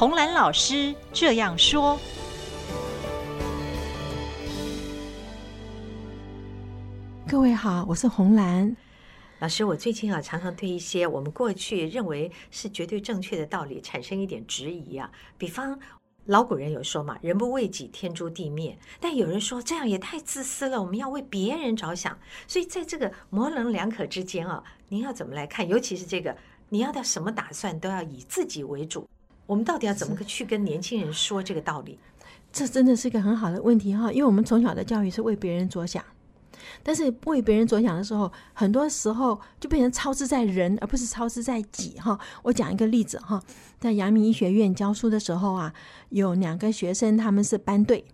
洪蘭老師這樣說：“各位好，我是洪蘭老師。我最近啊，常常對一些我們過去認為是絕對正確的道理產生一點質疑啊。比方，老古人有說嘛：‘人不為己，天誅地滅’。但有人說這樣也太自私了，我們要為別人着想。所以，在這個模棱兩可之間啊，您要怎麼來看？尤其是這個，你要的什麼打算都要以自己為主。”我們到底要怎麼去跟年輕人說這個道理？這真的是一個很好的問題哈，因為我們從小的教育是為別人着想，但是為別人着想的時候，很多時候就變成操之在人，而不是操之在己哈。我講一個例子哈，在陽明醫學院教書的時候啊，有兩個學生，他們是班對。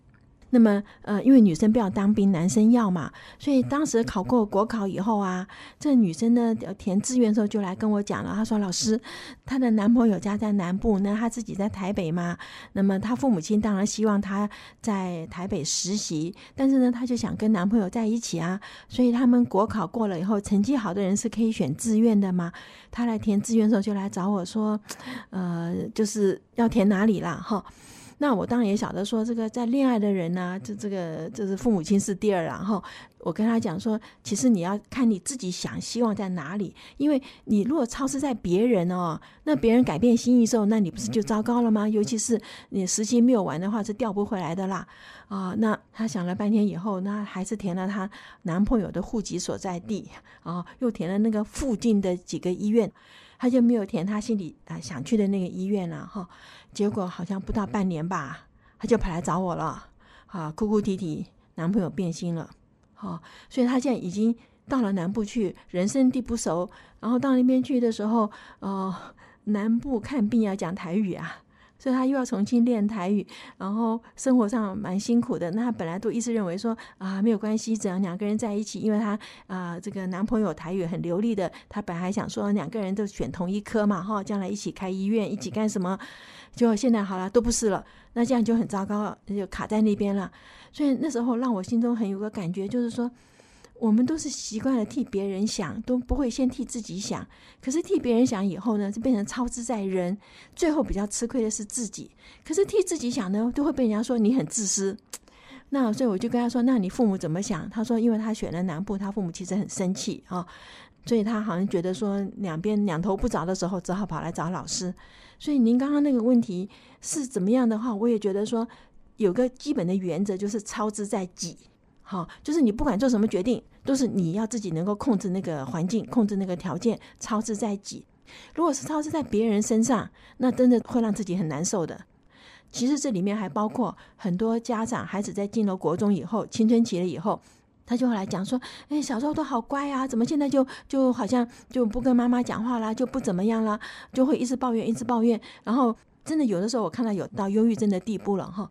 那麼，呃，因為女生不要當兵，男生要嘛，所以當時考過國考以後啊，這女生呢填志願的時候就來跟我講了，她說：“老師，她的男朋友家在南部，那她自己在台北嘛，那麼她父母親當然希望她在台北實習，但是呢，她就想跟男朋友在一起啊，所以他們國考過了以後，成績好的人是可以選志願的嘛，她來填志願的時候就來找我說，呃，就是要填哪裡啦，哈。”那我當然也曉得說，這個在戀愛的人呢、啊，這這個就是父母親是第二。然後我跟他講說，其實你要看你自己想希望在哪裡，因為你如果操之在別人哦，那別人改變心意的時候，那你不是就糟糕了嗎？尤其是你實習沒有完的話，是調不回來的啦。啊、呃，那他想了半天以後，那還是填了他男朋友的戶籍所在地啊，又填了那個附近的幾個醫院。他就沒有填他心裡啊想去的那個醫院了哈，結果好像不到半年吧，他就跑來找我了，啊，哭哭啼啼，男朋友變心了，哦，所以他現在已經到了南部去，人生地不熟，然後到那邊去的時候，哦、呃，南部看病要講台語啊。所以她又要重新練台語，然後生活上蠻辛苦的。那他本來都一直認為說啊沒有關係，只要兩個人在一起，因為她啊、呃、這個男朋友台語很流利的，她本來還想說兩個人都選同一科嘛，哈、哦，將來一起開醫院，一起幹什麼？就現在好了，都不是了，那這樣就很糟糕了，就卡在那邊了。所以那時候讓我心中很有個感覺，就是說。我們都是習慣了替別人想，都不會先替自己想。可是替別人想以後呢，就變成操之在人，最後比較吃虧的是自己。可是替自己想呢，都會被人家說你很自私。那所以我就跟他說：“那你父母怎麼想？”他說：“因為他選了南部，他父母其實很生氣啊，哦，所以他好像覺得說，兩邊兩頭不着的時候，只好跑來找老師。”所以您剛剛那個問題是怎麼樣的話，我也覺得說有個基本的原則就是操之在己。好，就是你不管做什麼決定，都、就是你要自己能夠控制那個環境，控制那個條件，操之在己。如果是操之在別人身上，那真的會讓自己很難受的。其實這裡面還包括很多家長，孩子在進了國中以後，青春期了以後，他就會來講說：“哎，小時候都好乖呀、啊，怎麼現在就就好像就不跟媽媽講話啦，就不怎麼樣啦，就會一直抱怨，一直抱怨。然後真的有的時候，我看到有到憂鬱症的地步了，哈。”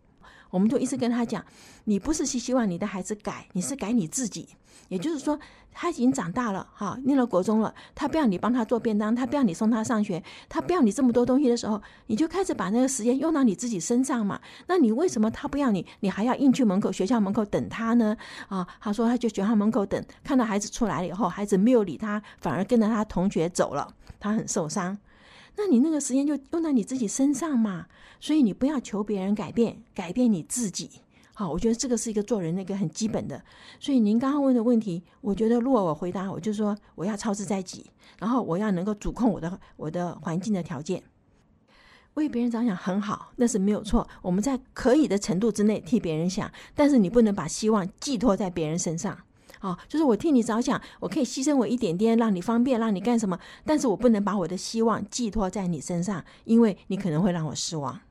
我們就一直跟他講，你不是希希望你的孩子改，你是改你自己。也就是說，他已經長大了，哈、啊，念了國中了，他不要你幫他做便當，他不要你送他上學，他不要你這麼多東西的時候，你就開始把那個時間用到你自己身上嘛。那你為什麼他不要你，你還要硬去門口、學校門口等他呢？啊，他說他就學校門口等，看到孩子出來了以後，孩子沒有理他，反而跟着他同學走了，他很受傷。那你那個時間就用到你自己身上嘛，所以你不要求別人改變，改變你自己。好，我覺得這個是一個做人那個很基本的。所以您剛剛問的問題，我覺得如果我回答，我就說我要操之在己，然後我要能夠主控我的我的環境的條件。為別人着想很好，那是沒有錯。我們在可以的程度之內替別人想，但是你不能把希望寄託在別人身上。啊、哦，就是我替你着想，我可以犧牲我一點點，讓你方便，讓你幹什麼？但是我不能把我的希望寄托在你身上，因為你可能會讓我失望。